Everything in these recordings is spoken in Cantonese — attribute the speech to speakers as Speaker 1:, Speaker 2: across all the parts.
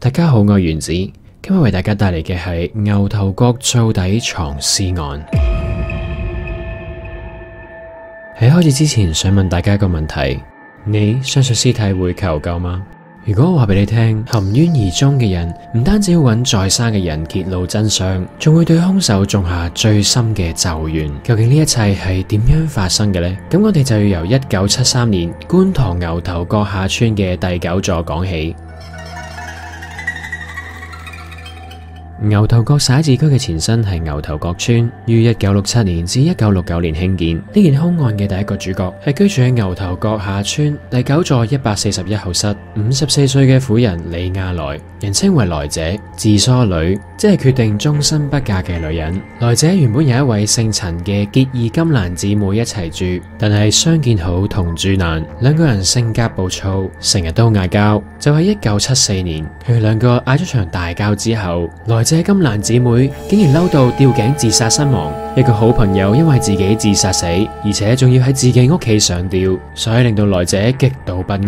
Speaker 1: 大家好，我係原子今日為大家帶嚟嘅係牛頭角灶底藏屍案。喺開始之前，想問大家一個問題：你相信屍體會求救嗎？如果我話俾你聽，含冤而終嘅人唔單止要揾在生嘅人揭露真相，仲會對凶手種下最深嘅咒怨。究竟呢一切係點樣發生嘅呢？咁我哋就要由一九七三年觀塘牛頭角下村嘅第九座講起。牛頭角徙置區嘅前身係牛頭角村，於一九六七年至一九六九年興建。呢件凶案嘅第一個主角係居住喺牛頭角下村第九座一百四十一號室五十四歲嘅婦人李亞來，人稱為來者，自梳女，即係決定終身不嫁嘅女人。來者原本有一位姓陳嘅結義金蘭姊妹一齊住，但係相見好同住難，兩個人性格暴躁，成日都嗌交。就喺一九七四年，佢哋兩個嗌咗場大交之後，來。這金蘭姊妹竟然嬲到吊頸自殺身亡，一個好朋友因為自己自殺死，而且仲要喺自己屋企上吊，所以令到來者極度不安。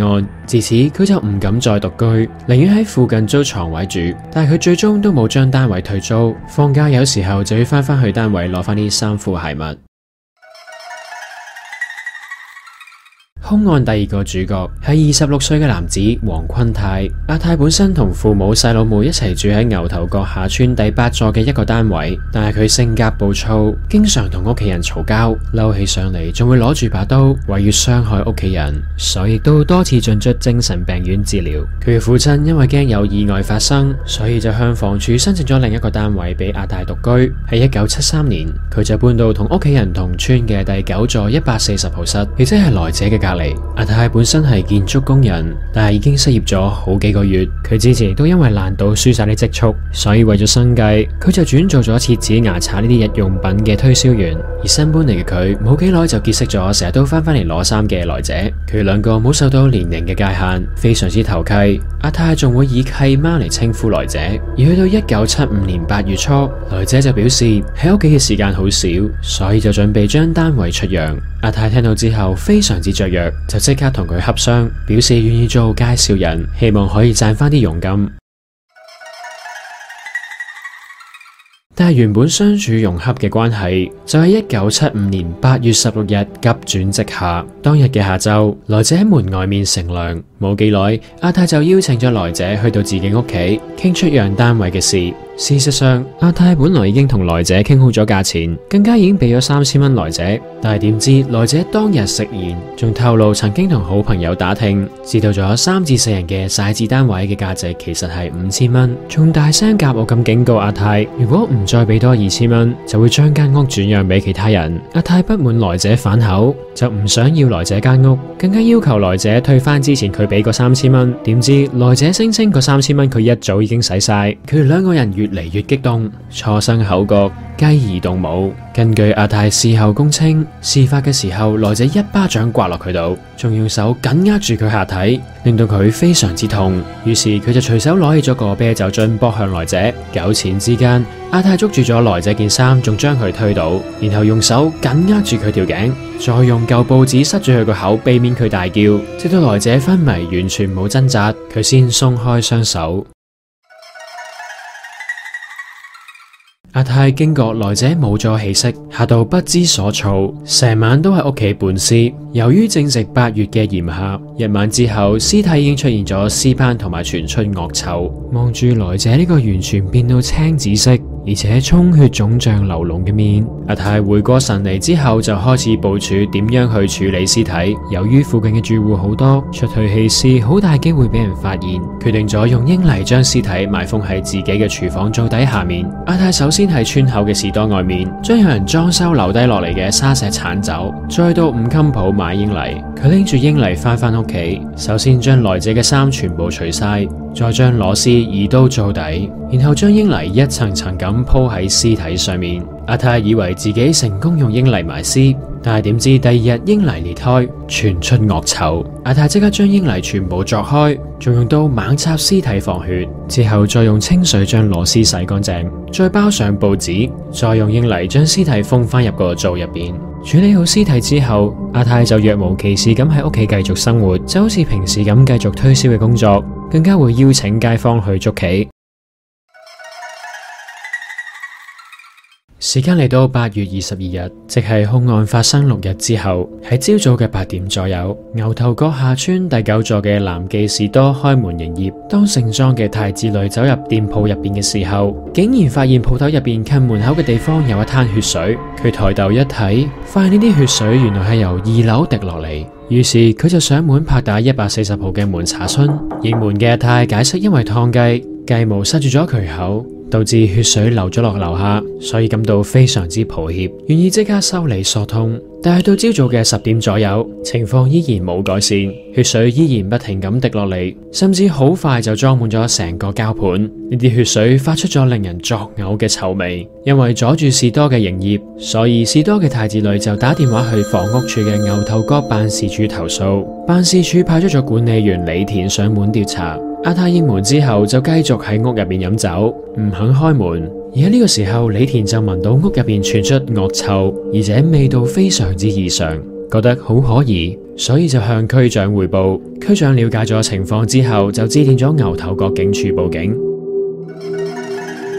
Speaker 1: 自此佢就唔敢再獨居，寧願喺附近租床位住。但係佢最終都冇將單位退租，放假有時候就要翻返去單位攞翻啲衫褲鞋襪。凶案第二個主角係二十六歲嘅男子黃坤泰。阿泰本身同父母、細佬妹一齊住喺牛頭角下邨第八座嘅一個單位，但係佢性格暴躁，經常同屋企人嘈交，嬲起上嚟仲會攞住把刀，威脅傷害屋企人，所以亦都多次進出精神病院治療。佢嘅父親因為驚有意外發生，所以就向房署申請咗另一個單位畀阿泰獨居。喺一九七三年，佢就搬到同屋企人同邨嘅第九座一百四十號室，亦即係來者嘅隔籬。阿太本身係建築工人，但係已經失業咗好幾個月。佢之前都因為爛賭輸晒啲積蓄，所以為咗生計，佢就轉做咗切紙、牙刷呢啲日用品嘅推銷員。而新搬嚟嘅佢冇幾耐就結識咗成日都翻返嚟攞衫嘅來者。佢兩個冇受到年齡嘅界限，非常之投契。阿太仲會以契媽嚟稱呼來者。而去到一九七五年八月初，來者就表示喺屋企嘅時間好少，所以就準備將單位出讓。阿太聽到之後非常之雀躍。就即刻同佢洽商，表示願意做介紹人，希望可以賺翻啲佣金。但係原本相處融洽嘅關係，就喺一九七五年八月十六日急轉直下。當日嘅下晝，來者喺門外面乘涼，冇幾耐，阿太就邀請咗來者去到自己屋企傾出讓單位嘅事。事實上，阿太本來已經同來者傾好咗價錢，更加已經俾咗三千蚊來者。但係點知來者當日食言，仲透露曾經同好朋友打聽，知道咗三至四人嘅細字單位嘅價值其實係五千蚊，仲大聲夾惡咁警告阿太，如果唔再俾多二千蚊，就會將間屋轉讓俾其他人。阿太不滿來者反口，就唔想要來者間屋，更加要求來者退翻之前佢俾過三千蚊。點知來者聲稱個三千蚊佢一早已經使晒，佢哋兩個人越嚟越激動，初生口角，繼而動武。根據阿太事後供稱，事發嘅時候，來者一巴掌摑落佢度，仲用手緊握住佢下體，令到佢非常之痛。於是佢就隨手攞起咗個啤酒樽，撲向來者。糾纏之間，阿太捉住咗來者件衫，仲將佢推倒，然後用手緊握住佢條頸，再用舊報紙塞住佢個口，避免佢大叫。直到來者昏迷，完全冇掙扎，佢先鬆開雙手。阿泰驚覺來者冇咗氣息，嚇到不知所措，成晚都喺屋企伴屍。由於正值八月嘅炎夏，一晚之後，屍體已經出現咗屍斑同埋傳出惡臭。望住來者呢個完全變到青紫色。而且充血腫脹流膿嘅面，阿泰回過神嚟之後就開始部署點樣去處理屍體。由於附近嘅住戶好多，出去棄屍好大機會俾人發現，決定咗用英泥將屍體埋封喺自己嘅廚房灶底下面。阿泰首先喺村口嘅士多外面，將有人裝修留低落嚟嘅沙石鏟走，再到五金鋪買英泥，佢拎住英泥翻翻屋企，首先將來者嘅衫全部除晒。再將螺絲移到灶底，然後將英泥一層層咁鋪喺屍體上面。阿泰以為自己成功用英泥埋屍，但係點知第二日英泥裂開，傳出惡臭。阿泰即刻將英泥全部鑿開，仲用刀猛插屍體放血，之後再用清水將螺絲洗乾淨，再包上報紙，再用英泥將屍體封翻入個灶入邊。處理好屍體之後，阿泰就若無其事咁喺屋企繼續生活，就好似平時咁繼續推銷嘅工作。更加會邀請街坊去捉棋。時間嚟到八月二十二日，即係凶案發生六日之後。喺朝早嘅八點左右，牛頭角下村第九座嘅南記士多開門營業。當盛裝嘅太子女走入店鋪入邊嘅時候，竟然發現鋪頭入邊近門口嘅地方有一灘血水。佢抬頭一睇，發現呢啲血水原來係由二樓滴落嚟。於是佢就上門拍打一百四十號嘅門查詢，應門嘅太解釋因為燙雞雞毛塞住咗渠口。導致血水流咗落樓下，所以感到非常之抱歉，願意即刻修理疏通。但係到朝早嘅十點左右，情況依然冇改善，血水依然不停咁滴落嚟，甚至好快就裝滿咗成個膠盤。呢啲血水發出咗令人作嘔嘅臭味。因為阻住士多嘅營業，所以士多嘅太子女就打電話去房屋處嘅牛頭角辦事處投訴。辦事處派出咗管理員李田上門調查。阿太應門之後，就繼續喺屋入邊飲酒，唔肯開門。而喺呢個時候，李田就聞到屋入邊傳出惡臭，而且味道非常之異常，覺得好可疑，所以就向區長匯報。區長了解咗情況之後，就致電咗牛頭角警署報警。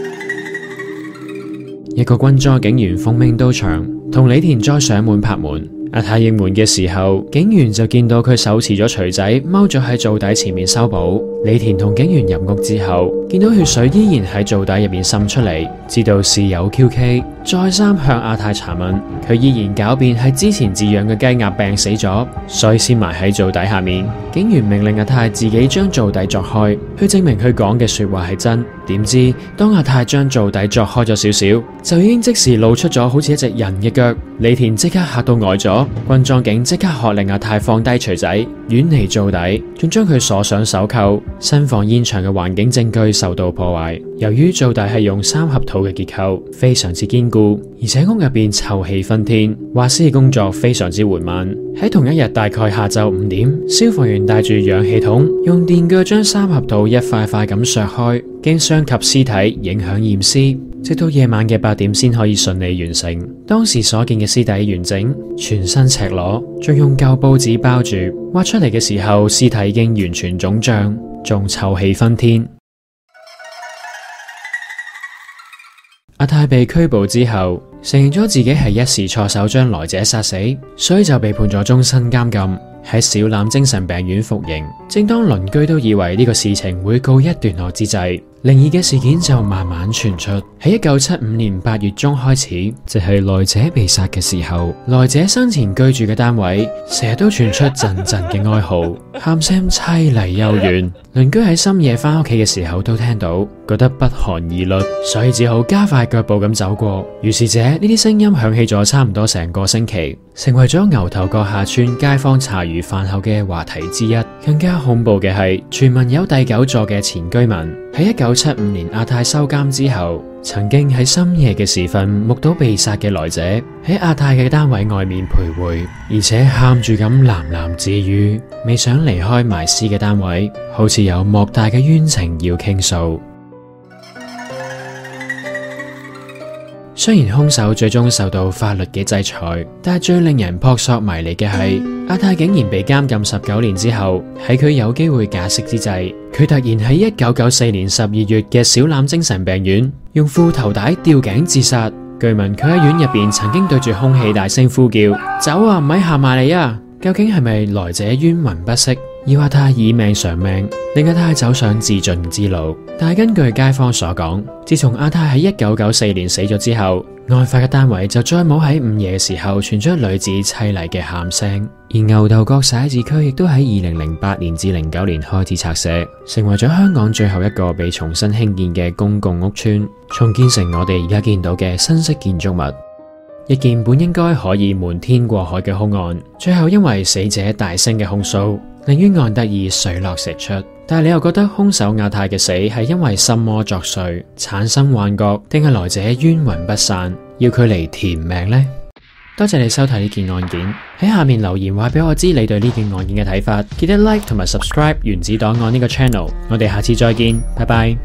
Speaker 1: 一個軍裝警員奉命到場，同李田再上門拍門。阿太應門嘅時候，警員就見到佢手持咗錘仔，踎咗喺灶底前面修補。李田同警員入屋之後，見到血水依然喺灶底入面滲出嚟，知道事有蹊蹺，再三向阿太查問，佢依然狡辯係之前飼養嘅雞鴨病死咗，所以先埋喺灶底下面。警員命令阿太自己將灶底鑿開，去證明佢講嘅說話係真。點知，當阿太將灶底鑿開咗少少，就已經即時露出咗好似一隻人嘅腳。李田即刻嚇到呆咗，軍裝警即刻喝令阿太放低錘仔，遠離灶底，仲將佢鎖上手扣，慎防現場嘅環境證據受到破壞。由於灶底係用三合土嘅結構，非常之堅固，而且屋入邊臭氣熏天，挖屍工作非常之緩慢。喺同一日大概下晝五點，消防員帶住氧氣筒，用電鋸將三合土一塊塊咁削開。驚傷及屍體，影響驗屍，直到夜晚嘅八點先可以順利完成。當時所見嘅屍體完整，全身赤裸，仲用舊報紙包住。挖出嚟嘅時候，屍體已經完全腫脹，仲臭氣熏天。 阿泰被拘捕之後，承認咗自己係一時錯手將來者殺死，所以就被判咗終身監禁，喺小欖精神病院服刑。正當鄰居都以為呢個事情會告一段落之際，靈異嘅事件就慢慢傳出，喺一九七五年八月中開始，即係來者被殺嘅時候，來者生前居住嘅單位，成日都傳出陣陣嘅哀嚎，喊聲淒厲幽怨。鄰居喺深夜翻屋企嘅時候都聽到，覺得不寒而慄，所以只好加快腳步咁走過。如是者，呢啲聲音響起咗差唔多成個星期，成爲咗牛頭角下村街坊茶餘飯後嘅話題之一。更加恐怖嘅係，傳聞有第九座嘅前居民喺一九。七五年阿泰收監之後，曾經喺深夜嘅時分，目睹被殺嘅來者喺阿泰嘅單位外面徘徊，而且喊住咁喃喃自語，未想離開埋屍嘅單位，好似有莫大嘅冤情要傾訴。雖然兇手最終受到法律嘅制裁，但係最令人撲朔迷離嘅係阿泰竟然被監禁十九年之後，喺佢有機會假釋之際，佢突然喺一九九四年十二月嘅小欖精神病院用褲頭帶吊頸自殺。據聞佢喺院入面曾經對住空氣大聲呼叫：走啊，咪行埋嚟啊！究竟係咪來者冤魂不息？要阿太以命償命，令阿太走上自盡之路。但係根據街坊所講，自從阿太喺一九九四年死咗之後，案發嘅單位就再冇喺午夜嘅時候傳出女子凄厲嘅喊聲。而牛頭角寫字區亦都喺二零零八年至零九年開始拆卸，成為咗香港最後一個被重新興建嘅公共屋邨，重建成我哋而家見到嘅新式建築物。一件本應該可以瞞天過海嘅凶案，最後因為死者大聲嘅控訴。令冤案得以水落石出，但係你又覺得凶手亞太嘅死係因為心魔作祟產生幻覺，定係來者冤魂不散，要佢嚟填命呢？多謝你收睇呢件案件，喺下面留言話俾我知你對呢件案件嘅睇法，記得 like 同埋 subscribe 原子檔案呢個 channel，我哋下次再見，拜拜。